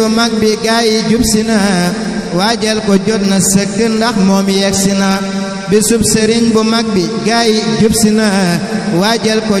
bu mag bi gaay yi jub si na waajal ko jot na sëkk ndax moom yegg si na bisub sëriñ bu mag bi gaay yi si na waajal ko